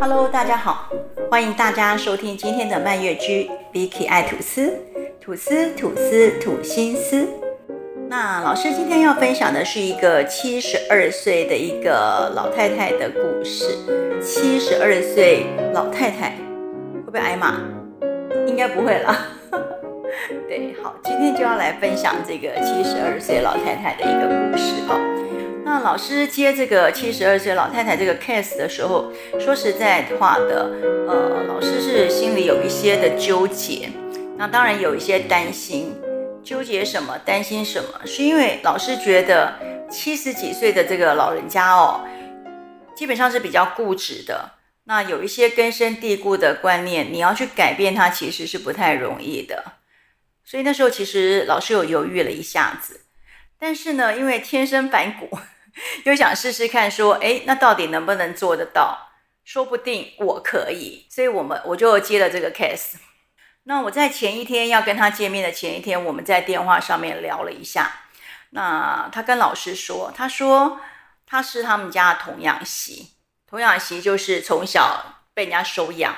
Hello，大家好，歡迎大家收聽今天的《漫月居》，Bicky 愛吐司，吐司吐司吐心絲。那老師今天要分享的是一個七十二歲的一個老太太的故事。七十二歲老太太會不會挨罵？應該不會了。 對，好，今天就要來分享這個七十二歲老太太的一個故事哦。那老師接這個七十二歲老太太這個 case 的時候，說實在話的，呃，老師是心裡有一些的糾結，那當然有一些擔心，糾結什麼，擔心什麼？是因為老師覺得七十幾歲的這個老人家哦，基本上是比較固執的，那有一些根深蒂固的觀念，你要去改變他其實是不太容易的，所以那時候其實老師有猶豫了一下子，但是呢，因為天生反骨。 又想試試看，說，誒，那到底能不能做得到？說不定我可以，所以，我們我就接了這個 case。那我在前一天要跟他見面的前一天，我們在電話上面聊了一下。那他跟老師說，他說他是他們家的童養媳，童養媳就是從小被人家收養。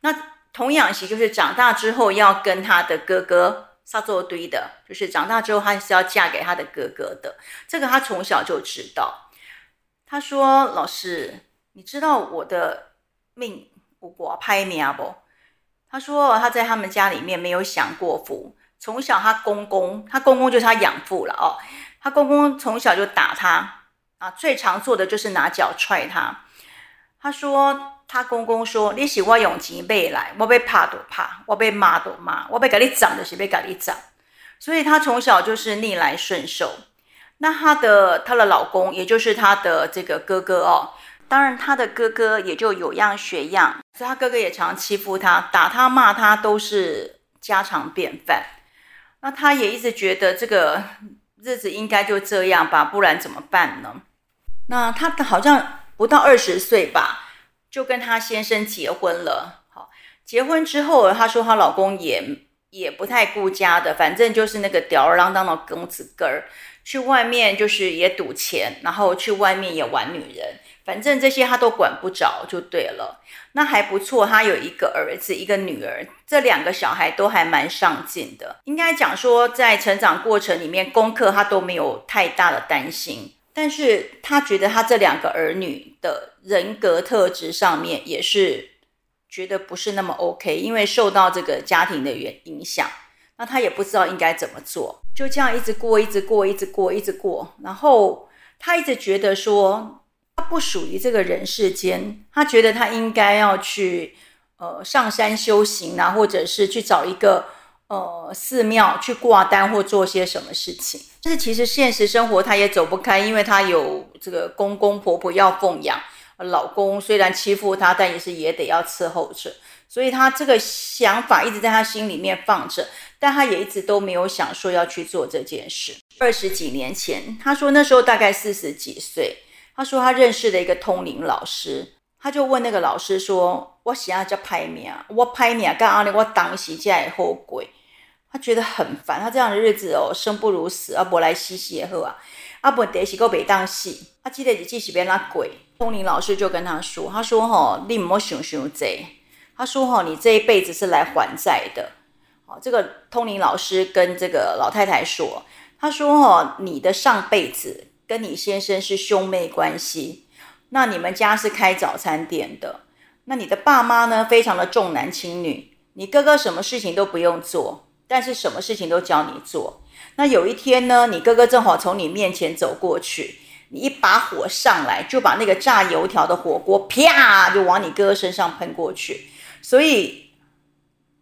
那童養媳就是長大之後要跟他的哥哥。他作堆的就是長大之後，他是要嫁給他的哥哥的。這個他從小就知道。他說：“老師，你知道我的命，我拍啊，不怕？”他說他在他們家裡面沒有享過福，從小他公公，他公公就是他養父了哦。他公公從小就打他。啊，最常做的就是拿腳踹他。他說。.她公公說：“你是我用錢買來，我要打就打，我要罵就罵，我被給你長候，我被給你長。”所以她從小就是逆來順受。那她的她的老公，也就是她的這個哥哥哦，當然她的哥哥也就有樣學樣，所以她哥哥也常欺負她，打她罵她都是家常便飯。那她也一直覺得這個日子應該就這樣吧，不然怎麼辦呢？那她好像不到二十歲吧。就跟她先生結婚了。好，結婚之後，她說她老公也也不太顧家的，反正就是那個吊兒郎當的公子哥兒，去外面就是也賭錢，然後去外面也玩女人，反正這些她都管不着，就對了。那還不錯，他有一個兒子，一個女兒，這兩個小孩都還蠻上進的。應該講說，在成長過程裡面，功課她都沒有太大的擔心。但是他覺得他這兩個兒女的人格特質上面也是覺得不是那麼 OK，因為受到這個家庭的影響，那他也不知道應該怎麼做，就這樣一直過，一直過，一直過，一直過。然後他一直覺得說他不屬於這個人世間，他覺得他應該要去呃上山修行啊，或者是去找一個。呃，寺廟去掛單或做些什麼事情，就是其實現實生活他也走不開，因為他有這個公公婆婆要奉養，老公雖然欺負她，但也是也得要伺候着，所以她這個想法一直在她心裡面放着，但她也一直都沒有想說要去做這件事。二十幾年前，她說那時候大概四十幾歲，她說她認識了一個通靈老師，她就問那個老師說：“我想要叫拍命，我拍命干阿哩，我當時在後悔。”他覺得很煩，他這樣的日子哦，生不如死。阿伯來西西也後啊，阿伯得洗個北當洗，他、啊啊、記得只記起別那鬼。通靈老師就跟他說，他說吼、哦，你莫熊熊賊。他說吼、哦，你這一輩子是來還債的。好、哦，這個通靈老師跟這個老太太說，他說吼、哦，你的上輩子跟你先生是兄妹關係，那你們家是開早餐店的，那你的爸媽呢，非常的重男輕女，你哥哥什麼事情都不用做。但是什麼事情都教你做，那有一天呢，你哥哥正好從你面前走過去，你一把火上來，就把那個炸油條的火鍋啪就往你哥哥身上噴過去，所以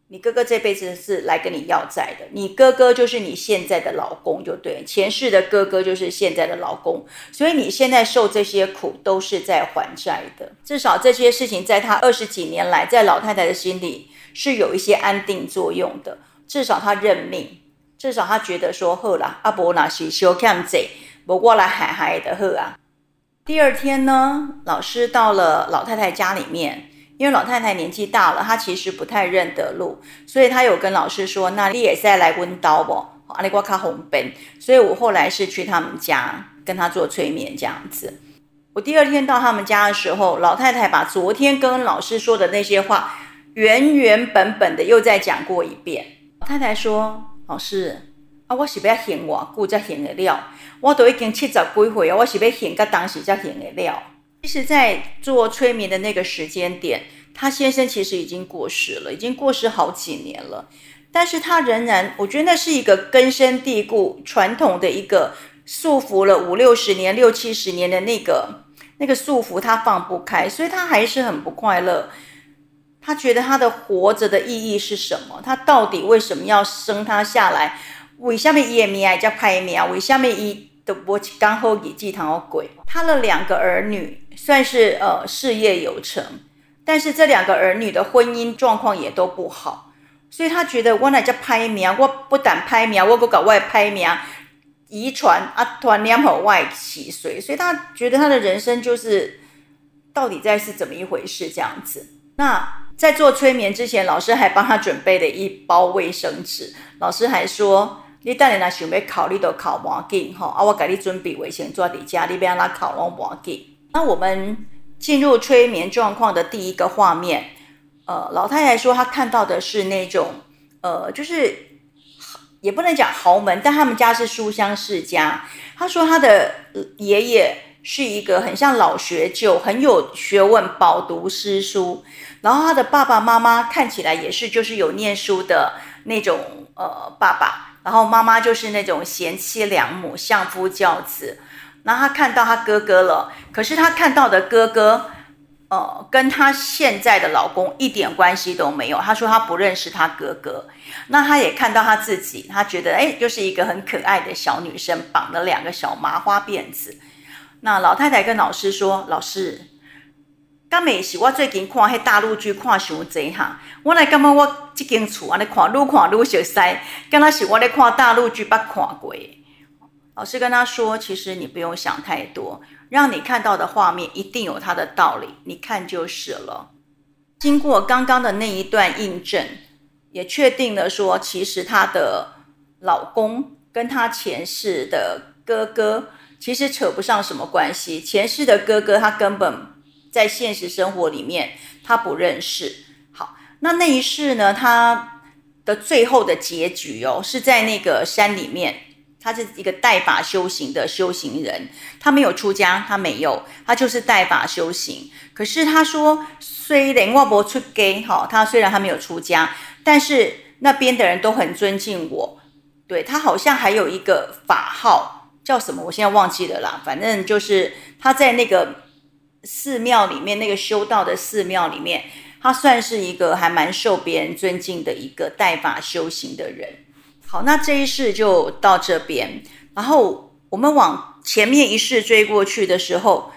你哥哥這輩子是來跟你要債的，你哥哥就是你現在的老公。就對，前世的哥哥就是現在的老公，所以你現在受這些苦都是在還債的，至少這些事情在他二十幾年來，在老太太的心裡是有一些安定作用的。至少他認命，至少他覺得說好啦阿伯，那是小看 i 不過來海海的喝啊。第二天呢，老師到了老太太家裡面，因為老太太年紀大了，她其實不太認得路，所以她有跟老師說：“那你也是在來公刀不阿里瓜卡紅奔。”所以，我後來是去他們家跟他做催眠這樣子。我第二天到他們家的時候，老太太把昨天跟老師說的那些話原原本本的又再講過一遍。老太太說：“老師啊，我是不是要現我故才現的料？我都已經七十幾歲了，我是不是要現個當時才現的料？其實在做催眠的那個時間點，他先生其實已經過世了，已經過世好幾年了。但是他仍然，我覺得那是一個根深蒂固、傳統的一個束縛了五六十年、六七十年的那個那個束縛，他放不開，所以他還是很不快樂。”他覺得他的活着的意義是什麼？他到底為什麼要生他下來？尾下面一米啊，叫拍苗；尾下面一的 watch，剛好給祭壇鬼。他的兩個兒女算是呃事業有成，但是這兩個兒女的婚姻狀況也都不好，所以他覺得我那叫拍苗，我不但拍苗，我擱搞外拍苗，遺傳啊，團兩口外起水，所以他覺得他的人生就是到底在是怎麼一回事這樣子？那。在做催眠之前，老師還幫他準備了一包衛生紙。老師還說：“你待會兒想要哭，你就哭沒關係，哈，啊，我給你準備衛生紙在這裡，你要怎麼哭都沒關係。”那我們進入催眠狀況的第一個畫面，呃，老太太說她看到的是那種，呃，就是也不能講豪門，但他們家是書香世家。她說她的爺爺。是一個很像老學究，很有學問，飽讀詩書。然後他的爸爸媽媽看起來也是，就是有念書的那種呃爸爸，然後媽媽就是那種賢妻良母，相夫教子。然後他看到他哥哥了，可是他看到的哥哥，呃，跟他現在的老公一點關係都沒有。他說他不認識他哥哥。那他也看到他自己，他覺得誒，就是一個很可愛的小女生，綁了兩個小麻花辮子。那老太太跟老師說：“老師，剛才是我最近看大陸劇看上多哈，我來感覺我這間厝安尼看，越看越心塞。剛才是我來看大陸劇把看過。”老師跟他說：“其實你不用想太多，讓你看到的畫面一定有它的道理，你看就是了。”經過剛剛的那一段印證，也確定了說，其實她的老公跟她前世的哥哥，其實扯不上什麼關係。前世的哥哥，他根本在現實生活裡面他不認識。好，那那一世呢？他的最後的結局哦，是在那個山裡面，他是一個帶法修行的修行人，他沒有出家，他沒有，他就是帶法修行。可是他說，雖然我沒出家，哈，他雖然他沒有出家，但是那邊的人都很尊敬我。對，他好像還有一個法號。叫什麼？我現在忘記了啦。反正就是他在那個寺廟裡面，那個修道的寺廟裡面，他算是一個還蠻受別人尊敬的一個帶法修行的人。好，那這一世就到這邊。然後我們往前面一世追過去的時候，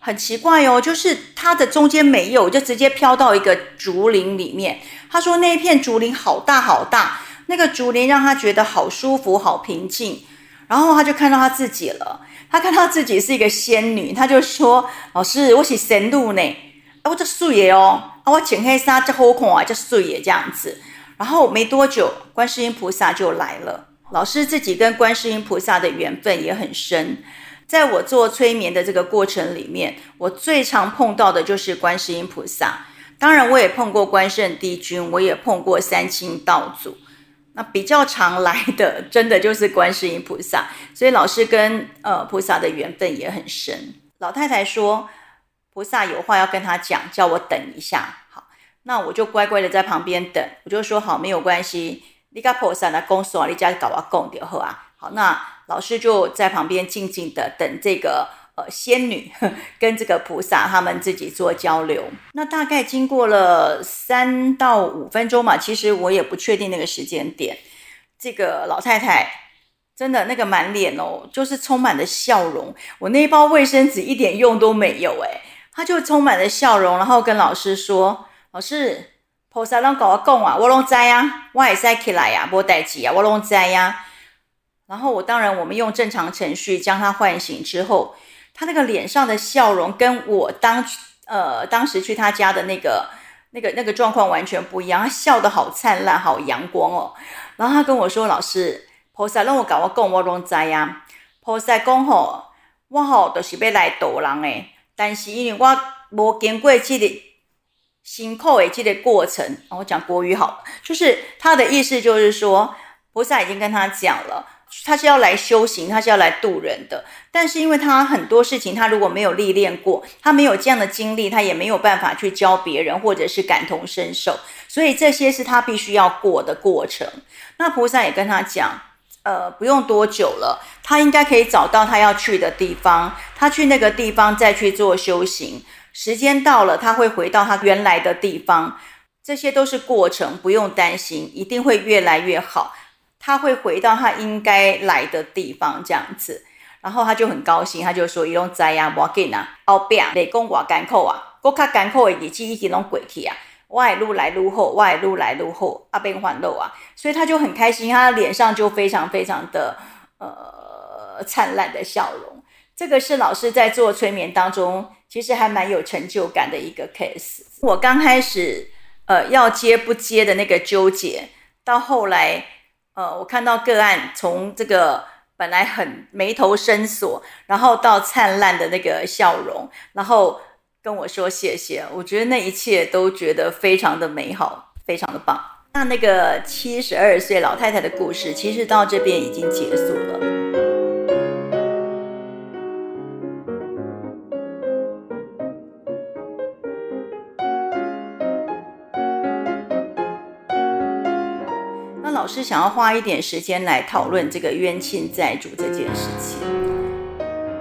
很奇怪哦，就是他的中間沒有，就直接飄到一個竹林裡面。他說那一片竹林好大好大，那個竹林讓他覺得好舒服，好平靜。然後他就看到他自己了，他看到自己是一個仙女，他就說：“老師，我是神鹿呢，啊、我叫素野哦，啊，我剪黑紗，叫後空啊，叫素野這樣子。”然後沒多久，觀世音菩薩就來了。老師自己跟觀世音菩薩的緣分也很深，在我做催眠的這個過程裡面，我最常碰到的就是觀世音菩薩。當然，我也碰過關聖帝君，我也碰過三清道祖。比較常來的，真的就是觀世音菩薩，所以老師跟呃菩薩的緣分也很深。老太太說，菩薩有話要跟她講，叫我等一下。好，那我就乖乖的在旁邊等。我就說好，沒有關係。你跟菩薩呢，公所你家搞我供掉後啊，好，那老師就在旁邊靜靜的等這個。呃，仙女呵，跟這個菩薩他們自己做交流。那大概經過了三到五分鐘嘛，其實我也不確定那個時間點。這個老太太真的那個滿臉哦，就是充滿了笑容。我那一包衛生紙一點用都沒有哎，她就充滿了笑容，然後跟老師說：“老師，菩薩讓搞個供啊，我弄在呀，我也在起來呀，不帶機啊，我弄在呀。”然後我當然我們用正常程序將她喚醒之後。他那個臉上的笑容，跟我當呃當時去他家的那個、那個、那個狀況完全不一樣。他笑得好燦爛，好陽光哦。然後他跟我說：“老師，菩薩讓我跟我共我同在呀。菩薩講吼，我吼就是要來度人誒，但是因為我無經過這個辛苦誒，這個過程。我講國語好，就是他的意思，就是說菩薩已經跟他講了。”他是要來修行，他是要來渡人的。但是因為他很多事情，他如果沒有歷練過，他沒有這樣的經歷，他也沒有辦法去教別人或者是感同身受。所以這些是他必須要過的過程。那菩薩也跟他講，呃，不用多久了，他應該可以找到他要去的地方。他去那個地方再去做修行，時間到了他會回到他原來的地方。這些都是過程，不用擔心，一定會越來越好。他會回到他應該來的地方，這樣子，然後他就很高興，他就說：w say i'm don't 伊攏在呀，瓦吉吶，阿餅，雷公我干扣啊，國卡干口，語氣一點攏鬼體啊，外露、啊、來路後，外露來路後，阿餅換肉啊，所以他就很開心，他臉上就非常非常的呃燦爛的笑容。這個是老師在做催眠當中，其實還蠻有成就感的一個 case。我剛開始呃要接不接的那個糾結，到後來，呃，我看到個案從這個本來很眉頭深鎖，然後到燦爛的那個笑容，然後跟我說謝謝，我覺得那一切都覺得非常的美好，非常的棒。那那個七十二歲老太太的故事，其實到這邊已經結束了。是想要花一點時間來討論這個冤親債主這件事情。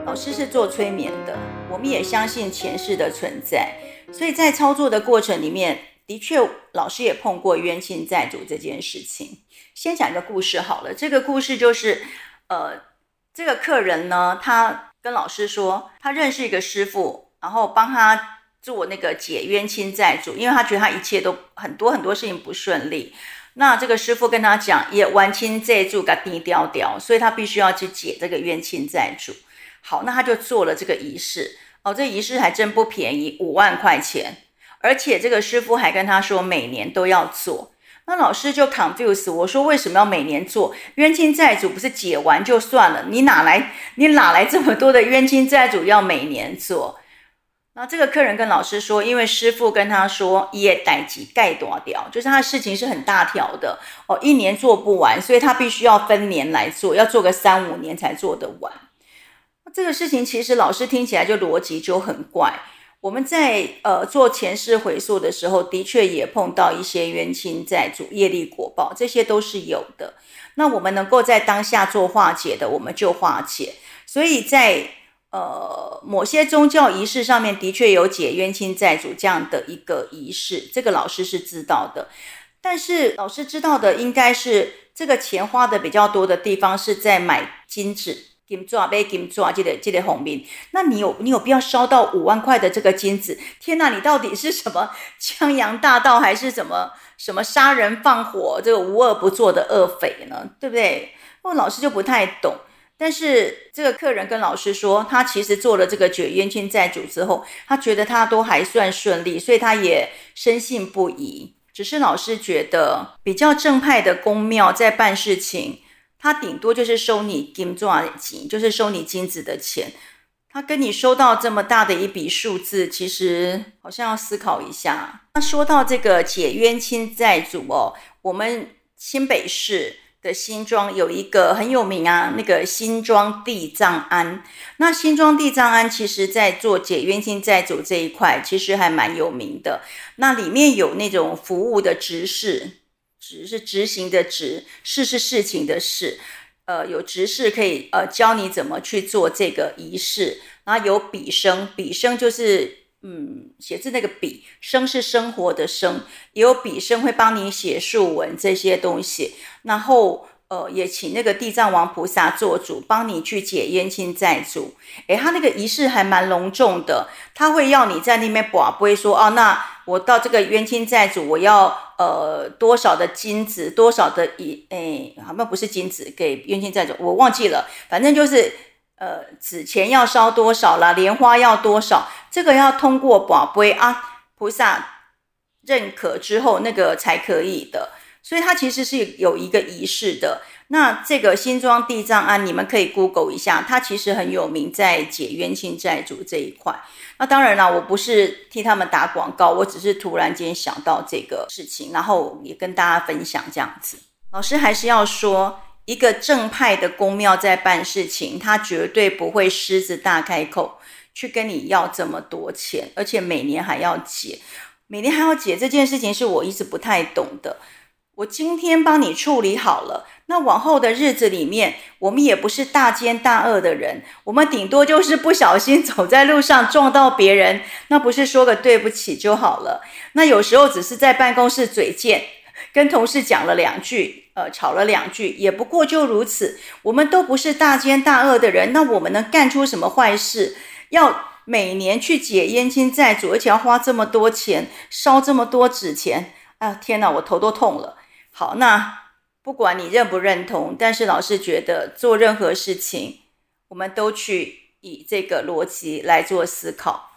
老師是做催眠的，我們也相信前世的存在，所以在操作的過程裡面，的確老師也碰過冤親債主這件事情。先講一個故事好了，這個故事就是，呃，這個客人呢，他跟老師說，他認識一個師傅，然後幫他做那個解冤親債主，因為他覺得他一切都很多很多事情不順利。那這個師傅跟他講，也完清這一主該低調掉，所以他必須要去解這個冤親債主。好，那他就做了這個儀式。哦，這個、儀式還真不便宜，五萬塊錢。而且這個師傅還跟他說，每年都要做。那老師就 confuse，我說為什麼要每年做？冤親債主不是解完就算了？你哪來？你哪來這麼多的冤親債主要每年做？那、啊、這個客人跟老師說，因為師父跟他說，伊的代誌蓋大條。就是他的事情是很大條的哦，一年做不完，所以他必須要分年來做，要做個三五年才做得完。那這個事情其實老師聽起來就邏輯就很怪。我們在呃做前世回溯的時候，的確也碰到一些冤親債主、業力果報，這些都是有的。那我們能夠在當下做化解的，我們就化解。所以在呃，某些宗教儀式上面的確有解冤親債主這樣的一個儀式，這個老師是知道的。但是老師知道的應該是這個錢花的比較多的地方是在買金子，金珠啊，貝金珠啊，記得記得哄名。那你有你有必要燒到五萬塊的這個金子？天哪，你到底是什麼江洋大盜，還是什麼什麼殺人放火這個無惡不作的惡匪呢？對不對？我老師就不太懂。但是這個客人跟老師說，他其實做了這個解冤親債主之後，他覺得他都還算順利，所以他也深信不疑。只是老師覺得比較正派的宮廟在辦事情，他頂多就是收你金鑽金，就是收你金子的錢。他跟你收到這麼大的一筆數字，其實好像要思考一下。那說到這個解冤親債主哦，我們新北市的新莊有一個很有名啊，那個新莊地藏庵。那新莊地藏庵其實在做解冤親債主這一塊，其實還蠻有名的。那裡面有那種服務的執事，執是執行的執，事是事情的事。呃，有執事可以呃教你怎麼去做這個儀式，然後有筆生，筆生就是。嗯，寫字那個筆生是生活的生，也有筆生會幫你寫疏文這些東西。然後呃，也請那個地藏王菩薩做主，幫你去解冤親債主。哎，他那個儀式還蠻隆重的，他會要你在那邊把，不會說哦，那我到這個冤親債主，我要呃多少的金子，多少的銀，哎，好像不，不是金子，給冤親債主，我忘記了，反正就是。呃，紙錢要燒多少啦？蓮花要多少？這個要通過筊杯，啊，菩薩認可之後，那個才可以的。所以它其實是有一個儀式的。那這個新莊地藏庵，啊，你們可以 Google 一下，它其實很有名，在解冤親債主這一塊。那當然啦，我不是替他們打廣告，我只是突然間想到這個事情，然後也跟大家分享這樣子。老師還是要說。一個正派的公廟在辦事情，他絕對不會獅子大開口去跟你要這麼多錢，而且每年還要解，每年還要解這件事情是我一直不太懂的。我今天幫你處理好了，那往後的日子裡面，我們也不是大奸大惡的人，我們頂多就是不小心走在路上撞到別人，那不是說個對不起就好了？那有時候只是在辦公室嘴賤，跟同事講了兩句，呃，吵了兩句，也不過就如此。我們都不是大奸大惡的人，那我們能幹出什麼壞事，要每年去解冤親債主，而且要花這麼多錢，燒這麼多紙錢。啊，天哪，我頭都痛了。好，那不管你認不認同，但是老師覺得做任何事情，我們都去以這個邏輯來做思考。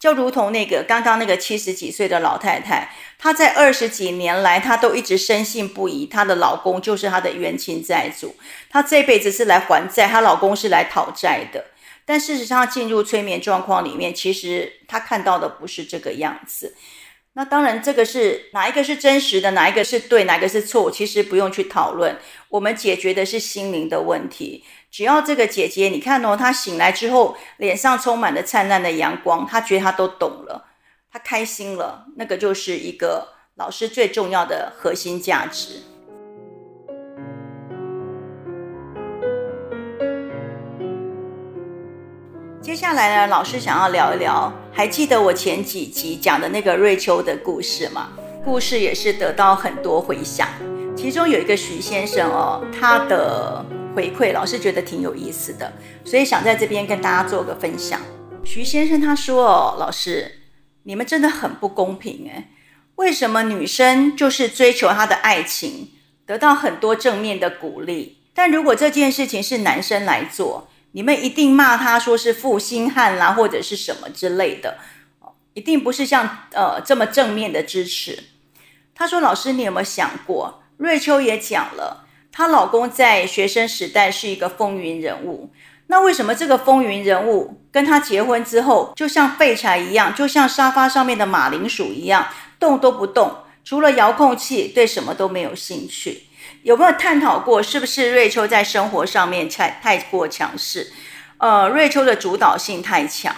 就如同那個剛剛那個七十幾歲的老太太，她在二十幾年來，她都一直深信不疑，她的老公就是她的冤親債主，她這輩子是來還債，她老公是來討債的。但事實上，進入催眠狀況裡面，其實她看到的不是這個樣子。那當然，這個是哪一個是真實的，哪一個是對，哪個是錯，其實不用去討論。我們解決的是心靈的問題。只要這個姐姐，你看哦，她醒來之後，臉上充滿了燦爛的陽光，她覺得她都懂了，她開心了。那個就是一個老師最重要的核心價值。嗯、接下來呢，老師想要聊一聊。還記得我前幾集講的那個瑞秋的故事嗎？故事也是得到很多回響，其中有一個徐先生哦，他的回饋老師覺得挺有意思的，所以想在這邊跟大家做個分享。徐先生他說：“哦，老師，你們真的很不公平誒，為什麼女生就是追求她的愛情，得到很多正面的鼓勵？但如果這件事情是男生來做？”你們一定罵他說是負心漢啦，或者是什麼之類的，一定不是像呃這麼正面的支持。他說：“老師，你有沒有想過，瑞秋也講了，她老公在學生時代是一個風雲人物，那為什麼這個風雲人物跟她結婚之後，就像廢柴一樣，就像沙發上面的馬鈴薯一樣，動都不動，除了遙控器，對什麼都沒有興趣？”有沒有探討過，是不是瑞秋在生活上面太太過強勢？呃，瑞秋的主導性太強。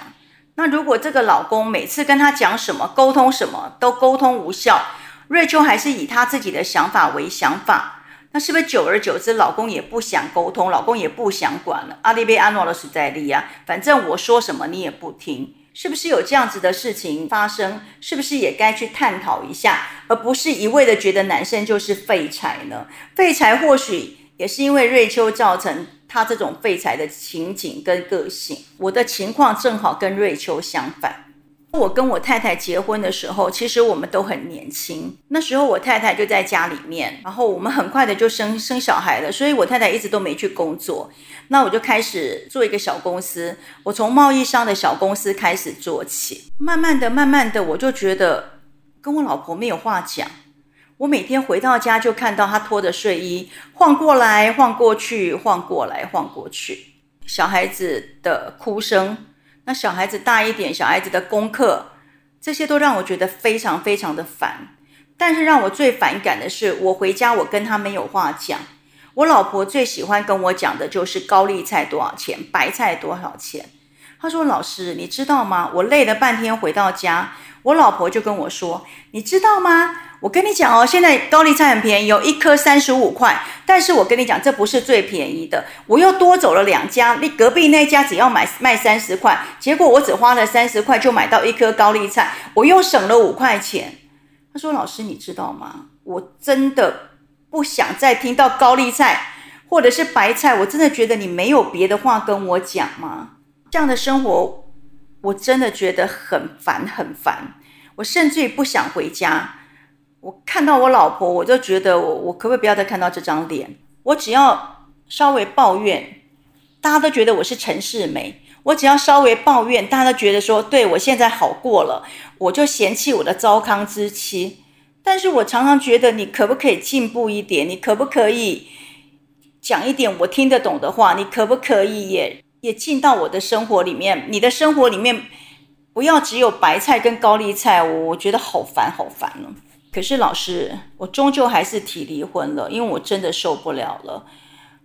那如果這個老公每次跟她講什麼、溝通什麼都溝通無效，瑞秋還是以她自己的想法為想法，那是不是久而久之，老公也不想溝通，老公也不想管了？阿利貝阿諾的斯在利啊，反正我說什麼你也不聽。是不是有這樣子的事情發生？是不是也該去探討一下，而不是一味的覺得男生就是廢柴呢？廢柴或許也是因為瑞秋造成他這種廢柴的情景跟個性。我的情況正好跟瑞秋相反。我跟我太太結婚的時候，其實我們都很年輕。那時候我太太就在家裡面，然後我們很快的就生生小孩了，所以我太太一直都沒去工作。那我就開始做一個小公司，我從貿易商的小公司開始做起。慢慢的、慢慢的，我就覺得跟我老婆沒有話講。我每天回到家就看到她脫着睡衣晃過來、晃過去、晃過來、晃過去，小孩子的哭聲。那小孩子大一點，小孩子的功課，這些都讓我覺得非常非常的煩。但是讓我最反感的是，我回家我跟他沒有話講。我老婆最喜歡跟我講的就是高麗菜多少錢，白菜多少錢。他說：“老師，你知道嗎？我累了半天回到家，我老婆就跟我說，你知道嗎？”我跟你講哦，現在高麗菜很便宜哦，有一顆三十五塊。但是我跟你講，這不是最便宜的。我又多走了兩家，那隔壁那家只要買賣三十塊，結果我只花了三十塊就買到一顆高麗菜，我又省了五塊錢。他說：“老師，你知道嗎？我真的不想再聽到高麗菜或者是白菜。我真的覺得你沒有別的話跟我講嗎？這樣的生活，我真的覺得很煩很煩。我甚至於不想回家。”我看到我老婆，我就覺得我我，可不可以不要再看到這張臉？我只要稍微抱怨，大家都覺得我是陳世美。我只要稍微抱怨，大家都覺得說，對我現在好過了，我就嫌棄我的糟糠之妻。但是我常常覺得，你可不可以進步一點？你可不可以講一點我聽得懂的話？你可不可以也也進到我的生活裡面？你的生活裡面不要只有白菜跟高麗菜，我我覺得好煩好煩哦。可是老師，我終究還是提離婚了，因為我真的受不了了。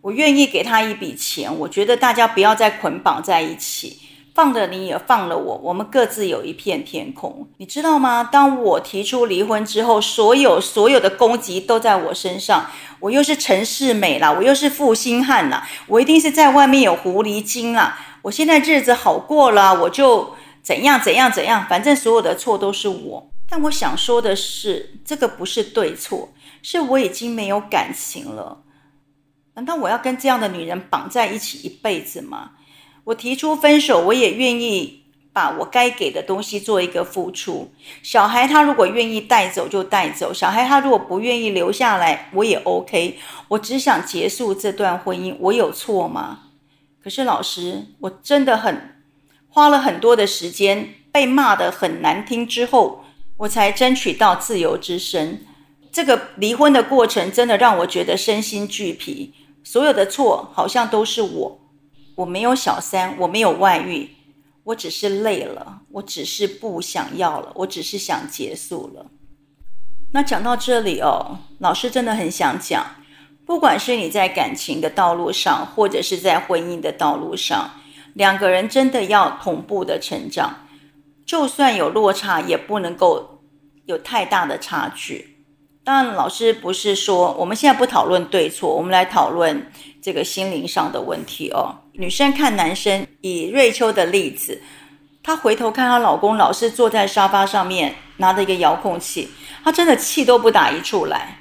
我願意給他一筆錢，我覺得大家不要再捆綁在一起，放了你也放了我，我們各自有一片天空，你知道嗎？當我提出離婚之後，所有所有的攻擊都在我身上，我又是陳世美啦，我又是負心漢啦，我一定是在外面有狐狸精啦。我現在日子好過了，我就怎樣怎樣怎樣，反正所有的錯都是我。但我想說的是，這個不是對錯，是我已經沒有感情了。難道我要跟這樣的女人綁在一起一輩子嗎？我提出分手，我也願意把我該給的東西做一個付出。小孩他如果願意帶走就帶走，小孩他如果不願意留下來，我也 OK。我只想結束這段婚姻，我有錯嗎？可是老師，我真的很花了很多的時間，被罵得很難聽之後。我才爭取到自由之身。這個離婚的過程真的讓我覺得身心俱疲，所有的錯好像都是我。我沒有小三，我沒有外遇，我只是累了，我只是不想要了，我只是想結束了。那講到這裡哦，老師真的很想講，不管是你在感情的道路上，或者是在婚姻的道路上，兩個人真的要同步的成長。就算有落差，也不能夠有太大的差距。當然，老師不是說我們現在不討論對錯，我們來討論這個心靈上的問題哦。女生看男生，以瑞秋的例子，她回頭看她老公，老是坐在沙發上面拿着一個遙控器，她真的氣都不打一處來。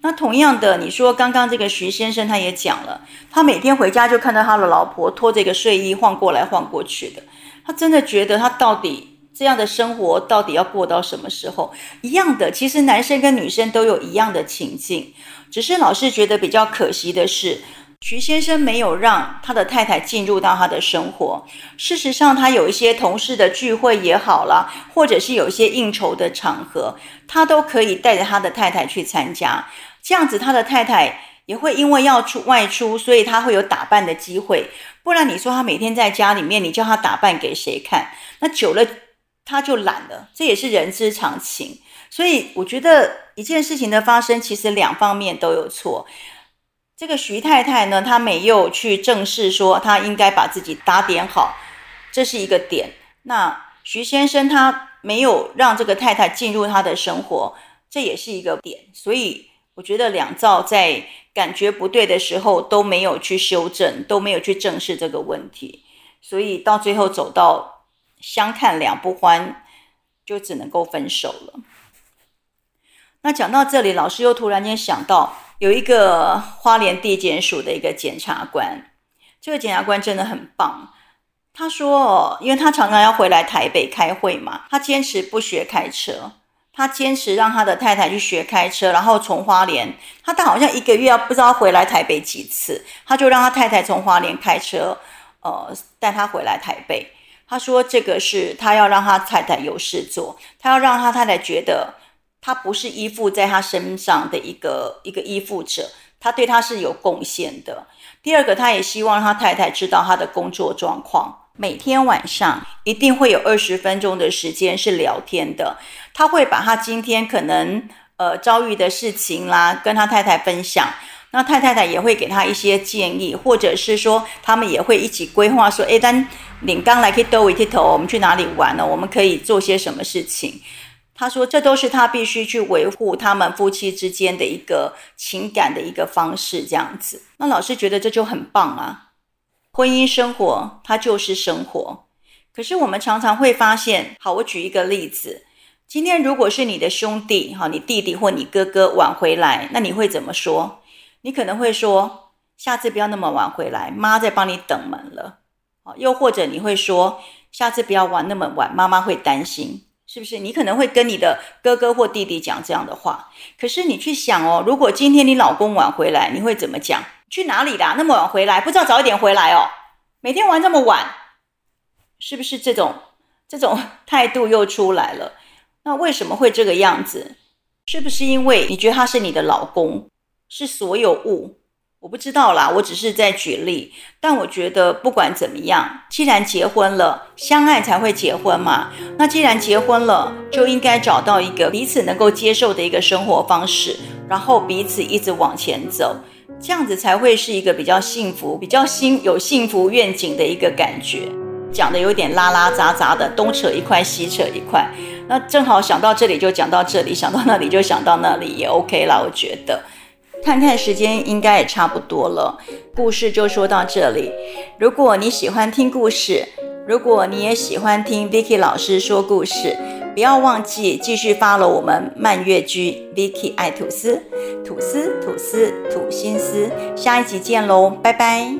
那同樣的，你說剛剛這個徐先生，他也講了，他每天回家就看到他的老婆脫着一個睡衣晃過來晃過去的，他真的覺得他到底。這樣的生活到底要過到什麼時候？一樣的，其實男生跟女生都有一樣的情境，只是老師覺得比較可惜的是，徐先生沒有讓他的太太進入到他的生活。事實上，他有一些同事的聚會也好啦，或者是有一些應酬的場合，他都可以帶着他的太太去參加。這樣子，他的太太也會因為要出外出，所以他會有打扮的機會。不然，你說他每天在家裡面，你叫他打扮給誰看？那久了。他就懶了，這也是人之常情。所以我覺得一件事情的發生，其實兩方面都有錯。這個徐太太呢，她沒有去正視說她應該把自己打點好，這是一個點。那徐先生他沒有讓這個太太進入他的生活，這也是一個點。所以我覺得兩造在感覺不對的時候都沒有去修正，都沒有去正視這個問題。所以到最後走到。相看兩不歡，就只能夠分手了。那講到這裡，老師又突然間想到，有一個花蓮地檢署的一個檢察官，這個檢察官真的很棒。他說哦，因為他常常要回來台北開會嘛，他堅持不學開車，他堅持讓他的太太去學開車，然後從花蓮，他他好像一個月要不知道回來台北幾次，他就讓他太太從花蓮開車，呃，帶他回來台北。他說：“這個是他要讓他太太有事做，他要讓他太太覺得他不是依附在他身上的一個一個依附者，他對他是有貢獻的。第二個，他也希望他太太知道他的工作狀況，每天晚上一定會有二十分鐘的時間是聊天的，他會把他今天可能呃遭遇的事情啦跟他太太分享。”那太太太也會給他一些建議，或者是說他們也會一起規劃說：“誒，但你剛來可以多剃剃頭，我們去哪裡玩呢？我們可以做些什麼事情？”他說：“這都是他必須去維護他們夫妻之間的一個情感的一個方式，這樣子。”那老師覺得這就很棒啊！婚姻生活它就是生活，可是我們常常會發現，好，我舉一個例子：今天如果是你的兄弟，哈，你弟弟或你哥哥晚回來，那你會怎麼說？你可能會說，下次不要那麼晚回來，媽在幫你等門了。啊？又或者你會說，下次不要玩那麼晚，媽媽會擔心，是不是？你可能會跟你的哥哥或弟弟講這樣的話。可是你去想哦，如果今天你老公晚回來，你會怎麼講？去哪裡啦，啊？那麼晚回來，不知道早一點回來哦。每天玩這麼晚，是不是這種這種態度又出來了？那為什麼會這個樣子？是不是因為你覺得他是你的老公？是所有物，我不知道啦，我只是在舉例。但我覺得不管怎麼樣，既然結婚了，相愛才會結婚嘛。那既然結婚了，就應該找到一個彼此能夠接受的一個生活方式，然後彼此一直往前走，這樣子才會是一個比較幸福、比較心有幸福願景的一個感覺。講的有點拉拉雜雜的，東扯一塊，西扯一塊。那正好想到這裡就講到這裡，想到那裡就想到那裡也 OK 啦，我覺得。看看時間，應該也差不多了。故事就說到這裡。如果你喜歡聽故事，如果你也喜歡聽 Vicky 老師說故事，不要忘記繼續 follow 我們漫月居 Vicky 愛吐司，吐司吐司吐心思。下一集見嘍，拜拜。